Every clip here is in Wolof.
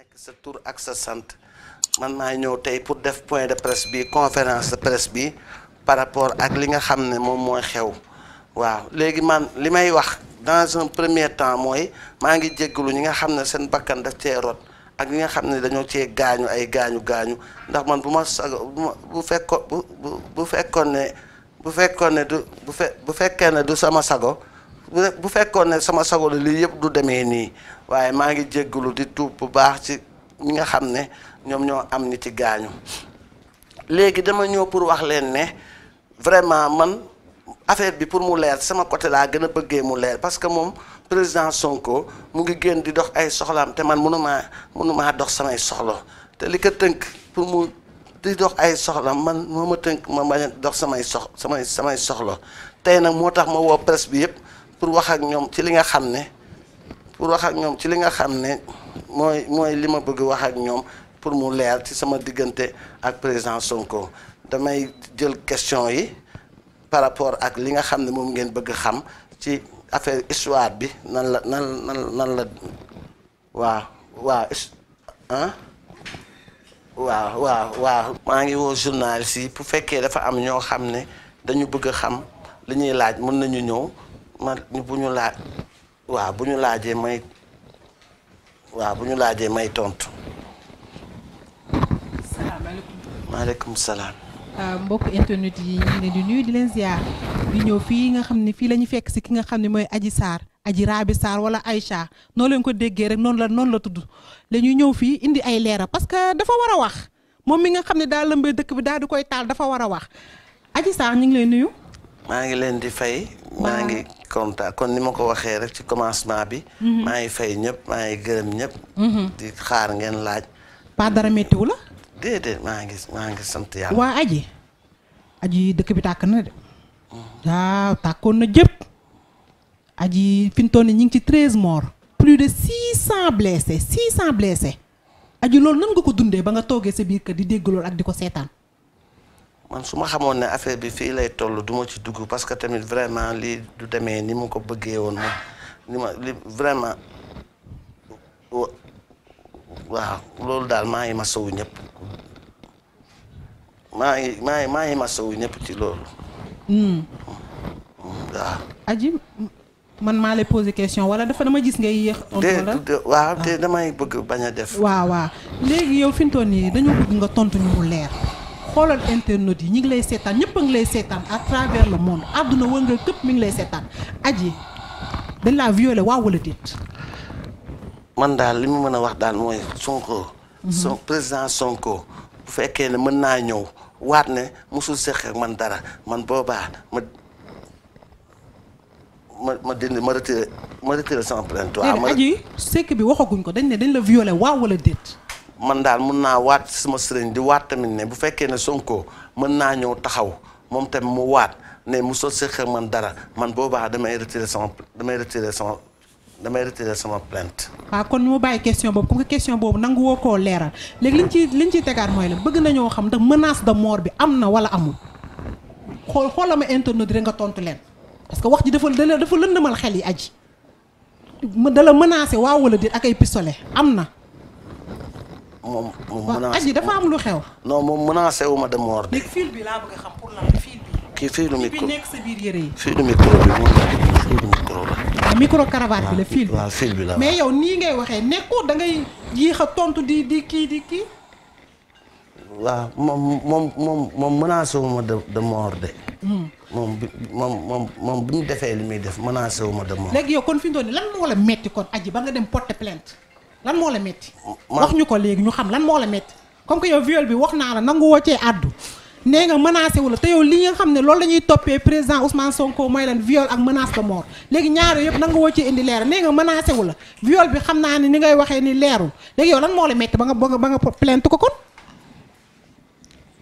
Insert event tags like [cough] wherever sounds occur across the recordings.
nekk sa tur ak sa sant man maa ñëw tey pour def point de presse bi conférence de presse bi par rapport ak li nga xam ne moom mooy xew waaw léegi man li may wax dans un premier temps mooy maa ngi jéggalu ñi nga xam ne seen bakkan def cee rot ak ñi nga xam ne dañoo cee gaañu ay gaañu gaañu ndax man bu ma sago bu fekkoon bu bu fekkoon ne bu fekkoon ne du bu fe bu fekkee ne du sama sago bu fekkoon ne sama sago li lii yëpp du demee nii. waaye maa ngi jéggulu di tuub bu baax ci ñi nga xam ne ñoom ñoo am ni ci gaañu léegi dama ñëw pour wax leen ne vraiment man affaire bi pour mu leer sama côté laa gën a bëggee mu leer parce que moom président Sonko mu ngi génn di dox ay soxlaam te man mënumaa mënumaa dox samay soxla te li ko tënk pour mu di dox ay soxla man ma tënk ma bañ dox samay sox samay samay soxla tey nag moo tax ma woo presse bi yëpp pour wax ak ñoom ci li nga xam ne pour wax ak ñom ci li nga xamné moy moy lima bëgg wax ak ñom pour mu leer ci sama digënté ak président Sonko damay jël question yi par rapport ak li nga xamné mom ngeen bëgg xam ci affaire histoire bi nan la nan nan nan la wa wa hein wa wa wa ma ngi wo journal yi pour féké dafa am ño xamné dañu bëgg xam li ñuy laaj mën nañu ñëw ma bu ñu laaj waaw bu ñu laajee may waaw bu ñu laajee may tontu. salaamaaleykum. salaam. Euh, mbokk internet yi ñu ngi leen di nuyu di leen ziar di ñëw fii nga xam ne fii la ñu fekk si ki nga xam ni mooy Adji Sarr Adji Rabi Sarr wala Aïcha noo leen ko déggee rek noonu la noonu la tudd lañuy ñëw fii indi ay leera parce que dafa war a wax moom mi nga xam ne daal lëmbee dëkk bi daal di koy taal dafa war a wax Adji Sarr ñu ngi lay nuyu. maa ngi leen di fay. maa ngi kontaan kon ni ma ko waxee rek ci commencement bi. Mhm. maa ngi fay ñëpp maa ngi gërëm ñëpp. Mhm. di xaar ngeen laaj. pas dara méttiwu la. déedéet maa ngi maa ngi sant yàlla. waa aji aji dëkk bi tàkk na de. Mhm. waaw tàkkoon na jëpp. aji fi mu toll ñu ngi ci treize morts. plus de six cent blessés six cent blessés. aji loolu nan nga ko dundee ba nga toogee sa biir kër di dégg loolu ak di ko seetaan. man su ma xamoon ne affaire bi fii lay toll duma ci dugg parce que tamit vraiment lii du demee ni mu ko bëggee woon ma li ma li vraiment waaw loolu daal maa ngi masawu ñëpp maa ngi maa ngi maa ngi masawu ñëpp ci loolu. Hmm. waaw. man maa lay posé question wala dafa dama gis ngay yéex. tontu waaw ah. te damay bëgg bañ a def. waaw waaw léegi yow fi mu toll nii dañoo bëgg nga tontu ñu mu leer. xoolal internet yi ñu ngi lay seetaan ñëpp a ngi lay seetaan à travers le monde àdduna wëngal këpp mi ngi lay seetaan Adji dañ laa violé waaw wala déet. man daal li mu mën a wax daal mooy Sonko. Mhm. son président Sonko bu fekkee ne mën naa ñëw waat ne musul seq ak man dara man boobaa ma ma ma dindi ma retiré ma retiré sama plainte. waaw ma Adji sekk bi waxaguñ ko dañ ne dañ la violé waaw wala déet. man daal mun naa waat sama sëriñ di waat tamit ne bu fekkee ne Sonko mën naa ñëw taxaw moom tamit mu waat ne mu sot seq man dara man boobaa damay retirer sama damay retirer sama damay retirer sama plainte. waaw kon ñu ma bàyyi question boobu ko que question boobu nangu woo koo leeral léegi liñ ci liñ ciy tegaat mooy la bëgg nañoo xam ndax menace de moor bi am na wala amul xool xoolal ma internet rek nga tontu leen parce que wax ji dafa dafa lëndëmal xel yi aji ma dala menacé waaw wala déet ak ay am na. Não, moom. aji dafa am lu xew. non moom menacé wu ma de mort. léegi fil bi não bëgg a xam pour lan fil bi. kii filu micro bi nekk sa biir yére yi. filu micro bi moom la filu micro la. Ah, micro cravate bi la fil bi waaw fil bi la mais yow nii ngay a tontu di di kii di kii. waaw moom moom moom moom menacé wu ma de de mort de. lan moo la métti. Oh, wax ñu ko léegi ñu xam lan moo la métti comme que yow viol bi wax naa la nangu ci cee àddu nee nga menacé wu la te yow li nga xam ne loolu la toppee président Ousmane Sonko mooy lan viol ak menace de mort léegi ñaar yëpp nangu woo ci indi leer nee nga menacé wu la viol bi xam naa ne ni ngay waxee ni leeru léegi yow lan moo la métti ba nga ba nga ba nga plainte ko kon.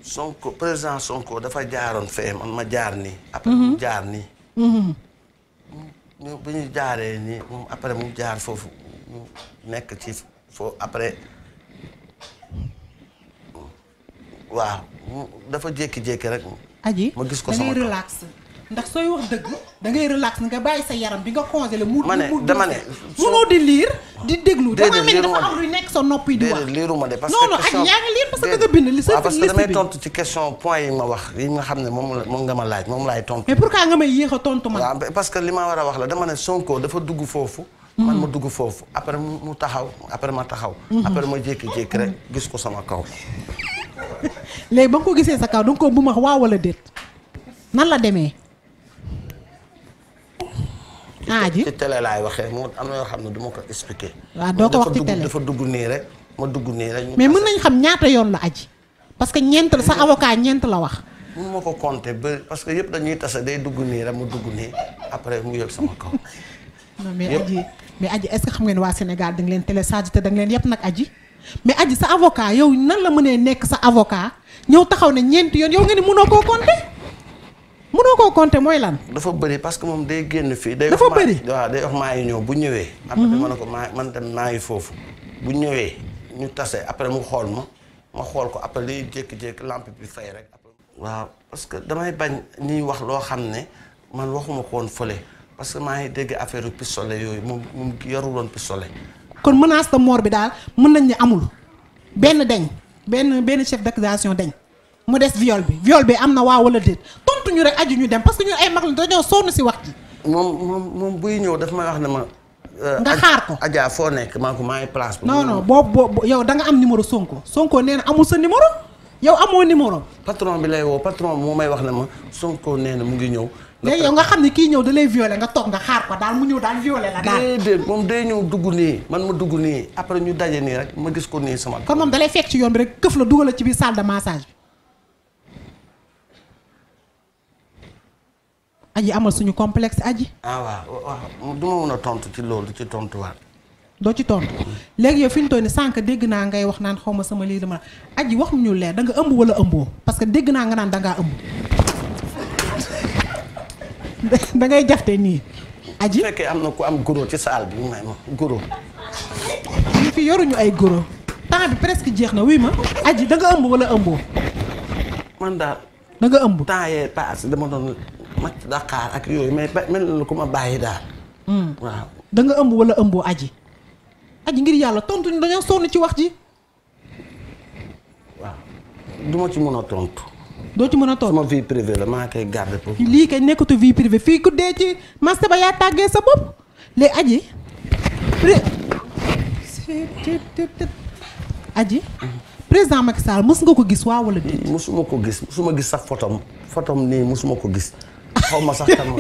Sonko président Sonko dafa jaaroon fee man ma jaar nii. après mhm. mu jaar nii. Mhm. ñu bu jaaree nii moom après mu jaar foofu. nekk ci foo après waaw dafa jékki-jékki rek. aji ma gis ko sama da ngay ndax sooy wax dëgg da ngay relax nga bàyyi sa yaram bi nga congelé. mu ma ne dama ne munoo di liir di déglu. dama mel dafa nekk sa noppi di wax déedéet liiruma de parce damay tontu ci question point yi ma wax yi nga xam ne moom la nga ma laaj moom laay tontu. mais pourquoi nga may yéex a tontu man. waaw parce que li ma war a wax la dama ne Sonko dafa dugg foofu. man mm. ma dugg foofu après mu taxaw après ma taxaw. Mm-hmm. après ma jékki-jékki rek gis ko sama kaw. [laughs] léegi ba nga ko gisee sa kaw da nga ko bu ma waaw walla déet nan la demee. aaji ci tele laay waxee moo am na yoo xam ne du ma ko expliqué. waaw doo ko wax ci télé dafa dugg nii rek ma dugg nii rek. mais mën ñaata yoon la aji parce que ñeent la sa mm-hmm. avocat ñeent la wax. mun ko compter ba parce que yëpp dañuy tase day dugg nii rek mu dugg nii après mu yëg sama kaw. [laughs] non mais aji mais aji est-ce xam ngeen waa Sénégal da leen leen télécharge te da nga leen yëpp nag aji mais aji sa avocat yow nan la mënee nekk sa avocat ñëw taxaw ne ñeenti yoon yow nga mënoo koo compter mooy lan. dafa bëri parce que moom day génn fii. day dafa bëri waaw wax maa ngi ñëw bu ñëwee. après mhm. ma ne ko maa man tam maa ngi foofu bu ñëwee ñu tase après mu xool ma ma xool ko après liy jékki-jékki lampe bi fay rek. waaw parce que damay bañ ñuy wax loo xam ne man waxuma ko woon fële. parce que maa ngi dégg affaire pistolet yooyu moom moom yorul woon pistolet. kon menace de mort bi daal mën nañ ne amul benn deñ benn benn chef d'accusation deñ mu des viol bi viol bi am na waaw walla déet tontu ñu rek aju ñu dem parce que ñun ay mag la dañoo sonn si wax ji. moom moom buy ñëw daf may wax na ma. Euh, nga xaar ko Adja foo nekk maa ko maa ngi place. non boobu yow danga am numéro Sonko Sonko nee amul sa numéro yow amoo numéro. patron bi lay woo patron moo may wax ne ma Sonko nee na mu ngi ñëw. léegi yow nga xam ne kii ñëw dalay lay nga toog nga xaar ko daal mu ñëw daal violé la daal déedéet moom day ñëw dugg nii man ma dugg nii après ñu daje nii rek ma gis ko nii sama kon moom dalay fekk ci yoon rek këf la dugal la ci biir salle de massage suñu complexe aji ah waaw waaw du ma a tontu ci loolu ci tontuwaat doo ci tontu léegi yow fi ñu toll nii sànq dégg naa ngay wax naan xaw ma sama lii dama aji wax ñu leer da nga ëmb wala ëmboo parce que dégg naa nga naan dangaa ëmb da ngay jafté ni aji fekkee am ko am goro ci sal bi may mo goro. ni fi yoruñu ay goro. temps bi presque jeexna na ma. aji da nga ëmb wala ëmboo. man da da nga ëmb. temps yé paas dama don ma Dakar ak yoy mais mel na ko ma da hmm waaw da nga ëmb wala ëmboo aji. aji ngir yalla tontu ñu dañoo sonu ci wax ji. waaw duma ci mëna tontu. eu não mën a toll. sama vie privée la maa koy garder pour. lii kay nekkatu vie privée fii ku dee ci masta ba yaa tàggee eu bopp léegi aji. aji. président Macky Sall mës nga ko gis waa wala déet. musuma ko gis musuma gis eu fotom fotom nii eu ko gis xaw ma sax kan ma.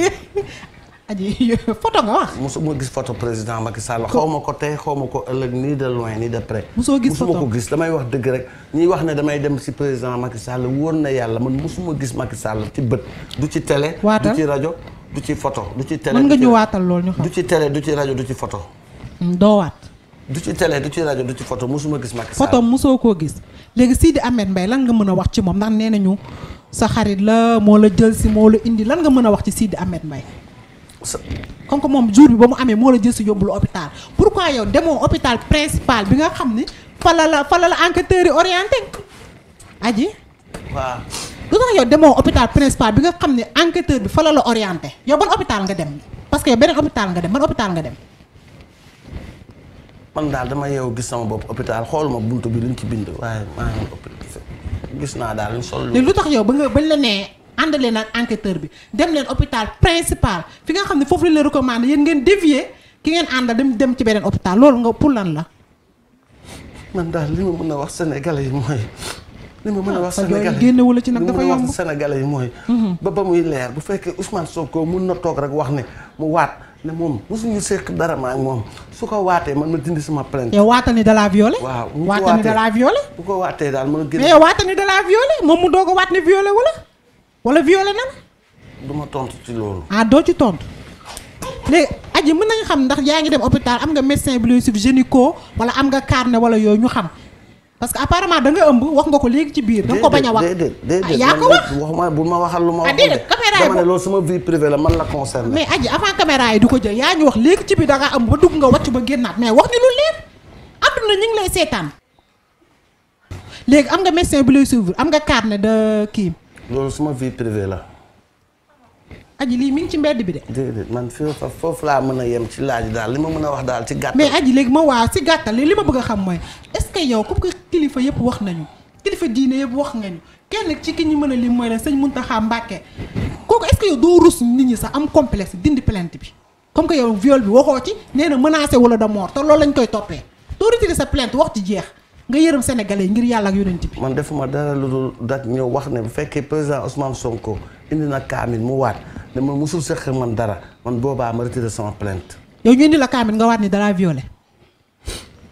aji [laughs] photo nga wax. mosuma gis photo président Macky Sall xaw ma ko tey xaw ma ko ëllëg nii de loin nii de près. mosoo gis photo mosuma ko gis damay wax dëgg rek. ñuy wax ne damay dem si président Macky Sall wóor na yàlla man mosuma gis Macky Sall ci bët du ci télé. waatal du ci rajo du ci photo du ci télé. nga ñu loolu ñu du ci télé du ci rajo du ci photo. Mm, doo du ci télé du ci rajo du ci photo mosuma gis Macky photo mosoo koo gis léegi Sidi Ahmed Mbaye lan nga mën a wax ci moom ndax nee nañu sa xarit la moo la jël si moo la indi lan nga mën a wax ci Sidi Ahmed Mbaye comme que moom jour bi ba mu amee moo la jël si yóbbu la hôpital pourquoi yow demoo hôpital principal bi nga xam ne fa la la fa la la enquêteurs yi orienté. aji. yow demoo hôpital principal bi nga xam ne enquêteur bi fa la la yow ban hôpital nga dem parce que yow beneen hôpital nga dem ban hôpital nga dem. man daal dama yeewu gis sama bopp hôpital xooluma buntu bi luñ ci bind waaye maa ngi gis naa daal lu tax yow ba nga bañ la nee. andal leen ak enquêteur bi dem leen hôpital principal fi nga xam ne foofu la recommandé yéen ngeen dévier ki ngeen àndal dem dem ci beneen hôpital loolu nga pour lan la. man daal li ma mën a wax sénégalais yi mooy. li ma mën a wax ah, sénégalais yi génnewu la ci nag dafa yomb wax sénégalais yi mooy. Mhm. ba ba muy leer bu fekkee Ousmane Sonko mun na toog rek wax ne mu waat ne moom mosuñu sekk dara ma ak moom su ko waatee man ma dindi sama plainte. yow waatal ni da la violé. waaw bu ni da la violé. bu ko waatee daal ma génn. mais yow waatal ni da la violé moom mu doog a waat ne violé wu wala violé na la. du ma tontu ci loolu. ah doo ci tontu. léegi aji mën nañu xam ndax yaa ngi dem hôpital am nga médecin bi lay suivre gynéco wala am nga carnet wala yooyu ñu xam parce que apparemment da nga ëmb wax nga ko léegi ci biir. a wax déedéet ah, yaa wax waxuma bu ma waxal lu ma ah, wax. ne loolu sama la man la concerné. mais aji avant yi du ko jël yaa ñu wax léegi ci biir da nga ëmb ba dugg nga wàcc ba génnaat mais wax ñu lu lay seetaan léegi am nga médecin bi lay am nga carnet de kii. loolu suma vie privée la. aji lii mi ngi ci mbedd bi de. déedéet man fii fa foofu laa mën a yem ci laaj daal li ma mën a wax daal ci gàttal. mais aji léegi ma waa si gàttal li ma bëgg a xam mooy est-ce que yow comme que kilifa yëpp wax nañu kilifa diine yëpp wax nga ñu kenn ci ki ñu mën a lim mooy la sëñ Mountakha Mbacké kooku est-ce que yow doo rus nit ñi sax am complexe dindi plainte bi comme que yow viol bi waxoo ci nee na menacé wala de mort te loolu lañ koy toppee doo retiré sa plainte wax ci jeex. nga yërëm sénégalais ngir yàlla ak yonent bi man defuma dara lu dul dat ñëw wax ne bu fekkee président Ousmane Sonko indi na kaamil mu waat ne ma musul sëq man dara man boobaa ma retiré sama plainte yow ñu indi la kaamil nga waat ni dara violé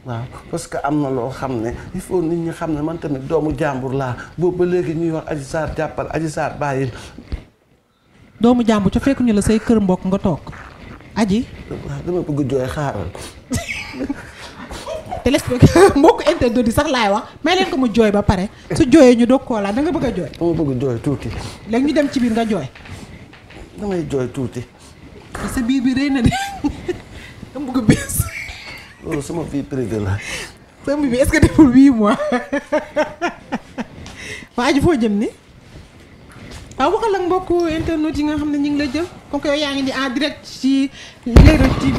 waaw parce que am na loo xam ne il faut nit ñi xam ne man tamit doomu jàmbur laa boobu ba léegi ñuy wax Adji saar jàppal Adji Sarr bàyyil doomu jàmbur ca fekk ñu la say kër mbokk nga toog aji dama bëgg jooy [laughs] téléspectateur [laughs] mbokk internet yi sax laay wax may leen ko mu jooy ba pare su joy ñu doog koo laal da nga bëgg joy jooy. joy, bëgg jooy tuuti. léegi ñu dem ci biir nga jooy. damay jooy tuuti. sa biir bi bëgg sama vie privée la. sa bi est-ce que deful huit mois. waa ji jëm ni waaw waxal ak mbokku internet yi nga xam ne ñu la di en direct ci Leral TV.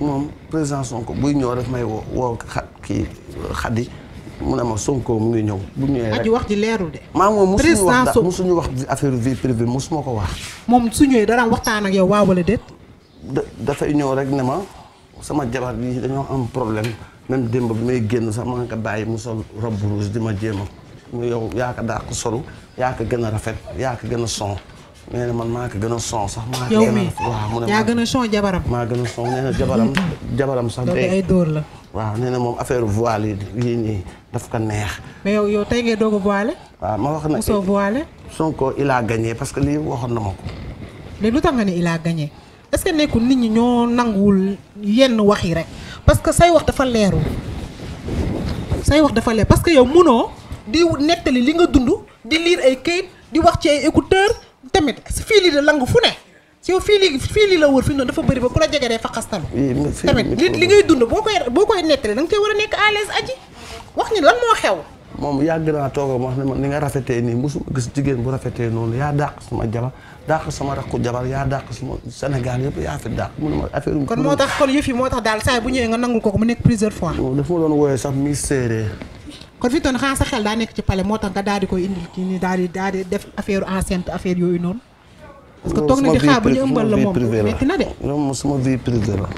moom président Sonko buy ñëw daf may woo woo kii xaddi mu ne ma Sonko mu ngi ñëw bu ñëwee rek aji wax ji leerul de. maa moom musuñu wax da musuñu wax affaire vie privée musuma ko wax. moom su ñëwee dara waxtaan ak yow waaw wala déet. da dafay ñëw rek ne ma sama jabar bi dañoo am problème même démb bi may génn sax ma nga bàyyi mu sol robe rouge di ma jéem a mu yow yaa ko daa ko solu yaa ko gën a rafet yaa ko gën a son. nee na man maa ko gën a son sax. maa yow mii yaa gën a son jabaram. maa gën a son nee [laughs] jabaram sax. dee dóor la. waaw nee na moom affaire voile yii nii daf ko neex. mais yow yow tey ngay doog a voile. waaw ma wax na mosoo voile. Sonko parce que lii waxoon na ma ko. léegi lu tax nga ne il nekkul nit ñi ñoo nanguwul yenn wax yi rek parce que say wax dafa leerul say wax dafa leer parce que yow munoo di nettali li nga dund di liir ay kayit di wax ci ay écouteurs. tamit fii lii de langu fu ne si yow la wër fi noonu dafa bëri ba ku la jege dee faqas tamit tamit li li ngay dund boo koy boo koy nettali da nga war a nekk à aji wax ñu lan moo xew moom yàgg naa toog wax ne ma ni nga rafetee nii mosuma gis jigéen bu rafetee noonu yaa dàq sama jabar dàq sama rakku jabar yaa dàq sama Sénégal yëpp yaa fi dàq mu ne ma affaire kon moo tax kon yëf yi moo tax daal saa bu ñëwee nga nangu ko ko mu nekk plusieurs fois. daf kon fi toon xanaa sa xel daa nekk ci pale moo tax nga daal di koy indil kii nii daal di daal di def affaire enceinte affaire yooyu noonu. parce que toog na di xaar bu ñu ëmbal la moom metti na de. moom sama vie privée la.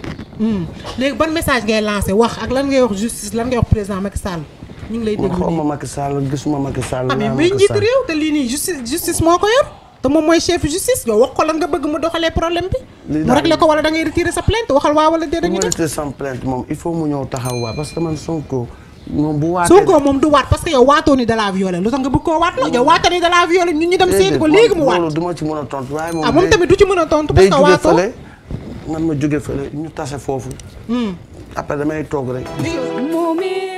Hmm. léegi ban message ngay lancé wax ak lan ngay wax justice lan ngay wax président Macky Sall. ñu ngi lay déglu man xawma Macky Sall gisuma Macky Sall. naa ah, Macky Sall mais njiitu réew te lii nii justice justice moo ko yor. te moom mooy chef justice yow wax ko lan nga bëgg mu doxalee problème bi. lii mu réglé ko wala da ngay retirer sa plainte waxal waa wala déedéet. ñu def mu retiré sa plainte moom il faut mu ñëw taxaw waa parce que man Sonko moom bu waatee moom du waat parce que yow waatoo ni da laa lu tax nga bëgg koo waat la yow waatoo ni da laa violé ñu dem seeti ko léegi mu waat du ma ci mën a tontu waaye moom ah moom tamit du ci mën a tontu parce que waatoo man ma jóge fële ñu tase foofu hmm. après damay toog rek